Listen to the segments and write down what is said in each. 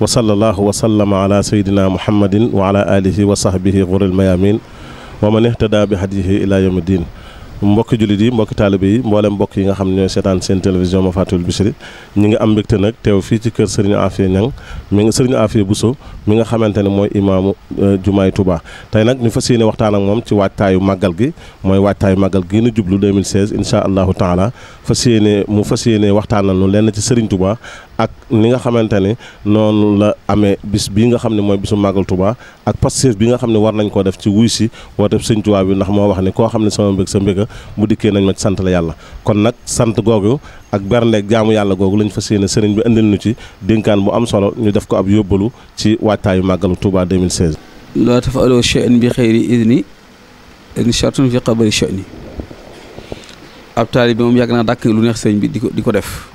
wa sallallahu wa sallama ala sayyidina muhammadin wa ala alihi wa sahbihi ghuril mayamin wa man ihtada bi hadihi ila yawmiddin mbokki jullit yi mbokki taalibe yi mboolem mbokk yi nga xam ne ñooy seetaan seen télévision ma fatul Bichri ñi ngi am mbégte nag teew fii ci kër Serigne Afia Niang mi nga Serigne Afia mi nga xamante ne mooy imaamu euh, jumaay tubaa tey nag ñu fas yéene waxtaan ak moom ci waajtaayu màggal gi mooy waajtaayu màggal gi nu jublu 2016 incha allahu taala fas yéene mu fas yéene waxtaanal nu lenn ci Serigne Touba ak ni nga xamante ne noonu la amee bis bii nga xam ne mooy bisu màggal Touba ak pastéef bi nga xam ne war nañ koo def ci wuy si woote Serigne Touba bi ndax moo wax ne koo xam ne sama mbég sa mu dikkee nañ ma sant la yàlla kon nag sant googu ak berndeeg jaamu yàlla googu lañ fa yéene sëriñ bi indil nu ci dénkaan bu am solo ñu def ko ab yóbbalu ci waajtaayu màggalu Touba 2016. laa tafaloo chein bi xëyri idni in shartun fi qabari cheini ab taalibe moom yàgg naa dàkk lu neex sëriñ bi di ko di ko def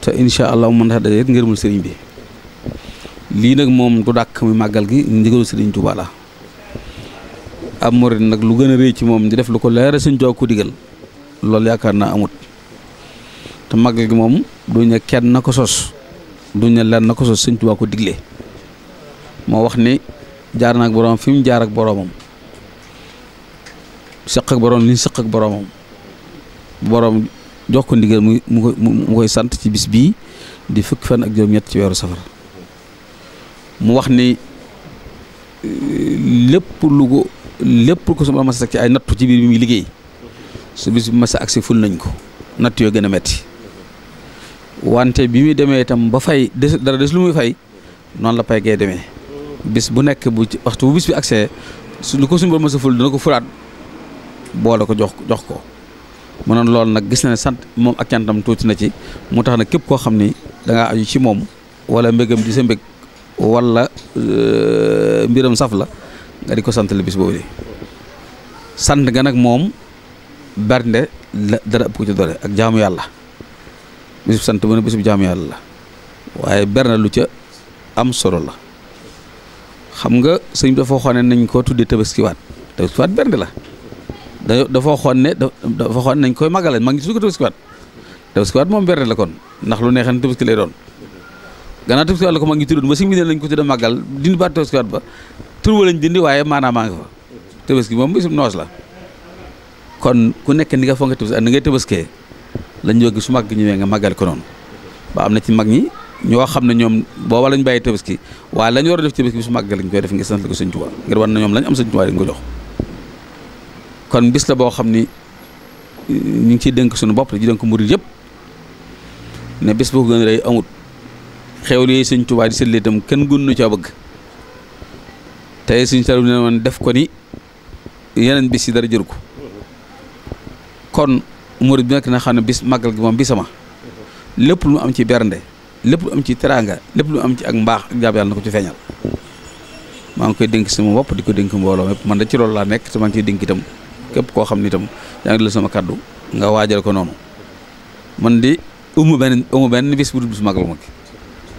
te incha allah mu mën tax daje ngërëmul sëriñ bi lii nag moom du dàkk muy màggal gi ndigalu sëriñ Touba la am murit nag lu gën a rëy ci moom di def lu ko leera suñ jox ku digal yaakaar naa amut te màggal gi moom du ñu kenn na ko sos du ñu leen na ko sos suñ tubaab ko digle moo wax ni jaar na ak boroom fi mu jaar ak boroomam sëq ak li sëq ak boroomam boroom jox ko ndigal mu mu koy sant ci bis bii di fukki fenn ak juróom-ñett ci weeru safar mu wax ni lépp lu ko lépp ko su ma mas a ci ay nattu ci biir bi muy liggéey su bis bi mas a agsi ful nañ ko natt yoo gën a metti wante bi muy demee itam ba fay des dara des lu muy fay noonu la pay gee demee bis bu nekk bu waxtu bu bis bi agsee su lu ko suñu borom mas ful dina ko fulaat boole ko jox jox ko mu ne loolu nag gis na ne sant moom ak cantam tuuti na ci mu tax na képp koo xam ni dangaa aju ci moom wala mbégam di sa mbég wala euh, mbiram saf la nga di ko sant la bis boobu de sant nga moom bernde la dara ëpp ko ci doole ak jaamu yàlla bis sant mu ne bis bu jaamu yàlla la waaye bernde lu ca am solo la xam nga sëñ bi dafa waxoon ne nañ ko tuddee tabaskiwaat tabaskiwaat bernde la dafa waxoon ne dafa waxoon nañ koy màggale maa ngi tudd ko tabaskiwaat tabaskiwaat moom bernde la kon ndax lu neexee ne tabaski lay doon gannaaw tabaskiwaat la ko maa ngi tuddoon ba sëñ bi nañ ko tuddee màggal dindi baat tabaskiwaat tur walañ dindi waaye maanaam maa ngi fa tabaski moom bisum noos la kon ku nekk ni nga fonk tabaski ak ni ngay tabaskee lañ jógi su mag ñëwee nga màggal ko noonu ba am na ci mag ñi ñoo xam ne ñoom booba lañ bàyyi tabaski waaye lañu war a def tabaski bi su màggal lañ koy def ngir sant ko sëñ Tuubaa ngir war na ñoom lañ am sëñ Tuubaa dañ ko jox kon bis la boo xam ni ñu ngi ciy dénk suñu bopp di dénk murid yëpp ne bis boo ko gën a rëy amut xew li sëñ Tuubaa di seetlee itam kenn bëgg tey suñu tarub ne woon def ko ni yeneen bis yi dara jëru ko kon murid bi nekk na xam ne bis màggal gi moom bisama lépp lu am ci bernde lépp lu am ci teraanga lépp lu am ci ak mbaax ak jaab yàlla na ko ci feeñal maa ngi koy dénk sama bopp di ko dénk mbooloo mépp man da ci loolu laa nekk te maa ngi koy dénk itam képp koo xam ne itam yaa ngi la sama kàddu nga waajal ko noonu man di umu benn umu benn bis bu dul bis màggal ma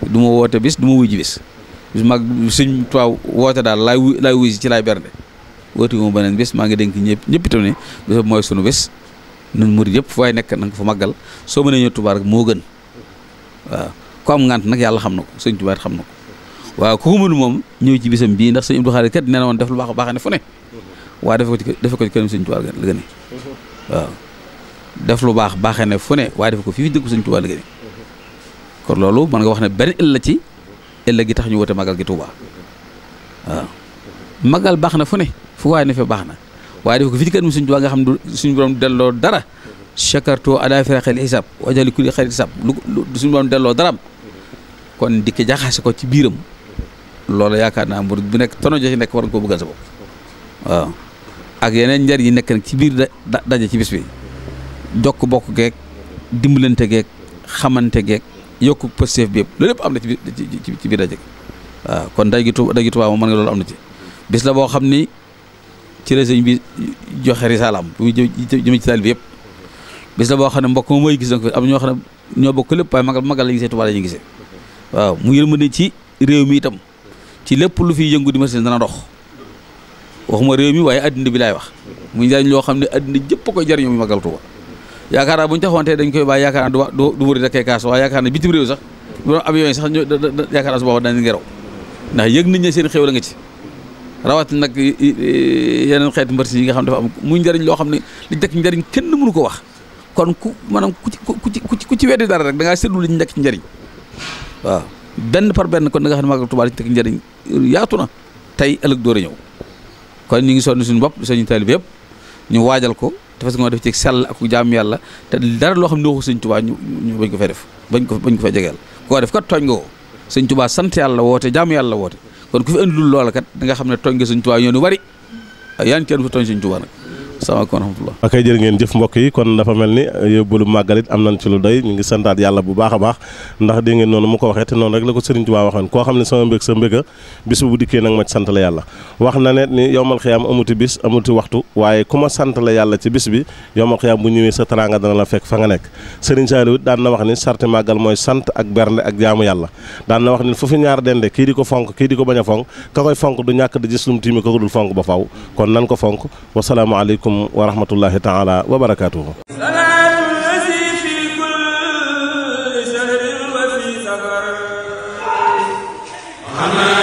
du ma woote bis du wujji bis bis mag suñ tuwaaw woote daal laay laay wuy si ci laay bernde woote wu ma beneen bés maa ngi dénk ñëpp ñëpp itam ne bés mooy sunu bés nun murid yëpp fu waay nekk na nga fa màggal soo mënee ñëw Tuubaa rek moo gën waaw ku am ngant nag yàlla xam na ko sëñ Tuubaa xam na ko waaw ku ko mënu moom ñëw ci bisam bii ndax sëñ Abdou Khadre kat nee na woon def lu baax a baax ne fu ne waaye defe ko ci defe ko ci kanam sëñ Tuubaa la gën waaw baax baaxee ne fu ne waaye defe ko fii fi dëkk sëñ Tuubaa la gën kon loolu mën nga wax ne benn illa ci ëllëg gi tax ñu woote magal gi Touba magal baax na fu ne fu waaye ne fe baax na waaye def ko fi ci kër suñ Touba nga xam du suñu borom delloo dara chakarto ada firaqel xisaab wajali kulli xarit xisaab lu suñu borom delloo daram kon dikk jaxase ko ci biiram loolu yaakaar naa murid bu nekk tono jo nekk war nga koo bëggal sa bopp ak yeneen njariñ yi nekk ci biir da daje ci bis bi jokk bokk geek dimbalante geek xamante geek yokku positif bi yëpp loolu yëpp am na ci biir ci biir daje waaw kon day gi Tuubaa day gi Tuubaa moom mën nga loolu am na ci bis la boo xam ni ci la bi joxe risalaam bu muy jëmee ci taalibe bi yëpp bis boo xam ne mbokk mooy gis am ñoo xam ne ñoo bokk lépp waaye magal magal la gisee Tuubaa la ñuy gisee waaw ci réew mi itam ci lépp lu fiy yëngu di ma machine dana dox waxuma réew mi waaye addina bi laay wax muy njëriñ loo xam ne àddina jëpp koy jëriñoo muy magal Tuubaa yaakaar bu ñu taxoon tey dañ koy bàyyi yaakaar naa du du wëri rek ay kaas waaye yaakaar naa bitim réew sax bu avion yi sax ñu yaakaar naa su booba danañ ngeraw ndax yëg nañ ne seen xéw la nga ci rawat nag yeneen xeeti mbërsi yi nga xam dafa am muy njëriñ loo xam ne li teg njëriñ kenn mënu ko wax kon ku maanaam ku ci ku ci ku ci weddi dara rek da ngaa seetlu liñ nekk ci njëriñ waaw benn par benn kon da xam ne Màggal Tuubaa liñ teg njëriñ yaatu na tey ëllëg door a ñëw kon ñu ngi sonn suñu bopp suñu taalibe yëpp ñu waajal ko te fas nga def ci sell ak jaam yàlla dara loo xam ne waxu sëñ tubaa ñu ñu bañ ko fay def bañ ko bañ ko koo def kat tooñ nga ko sëñ tubaa sant yàlla woote jaam yàlla woote kon ku fi indi lul loola kat nga xam ne tooñ nga sëñ tubaa ñoo ñu bari yaan kenn fa tooñ sëñ tubaa nag salaamaaleykum wa rahmatulah. ok jërë ngeen jëf mbokk yi kon dafa mel ni euh, yóbbalu màggal it am nañ ci lu doy ñu ngi santaat yàlla bu baax a baax ndax dégg ngeen noonu mu ko waxee te noonu rek la ko Serigne sa mbéga ma sant la yàlla la yàlla ci bis bi yowmal xiyaam bu ñëwee fa nga nekk Serigne Saliou daan na wax ni sarti màggal mooy sant ak bernde ak jaamu yàlla daan na wax ni fu fi ñaar dende kii di ko fonk kii di ko bañ a fonk ka koy fonk du ñàkk di gis lu ko dul fonk ba faw kon nan ko fonk wasalaamaaleykum aleykum wa rahmatullahi taala wa barakaatuhu Amen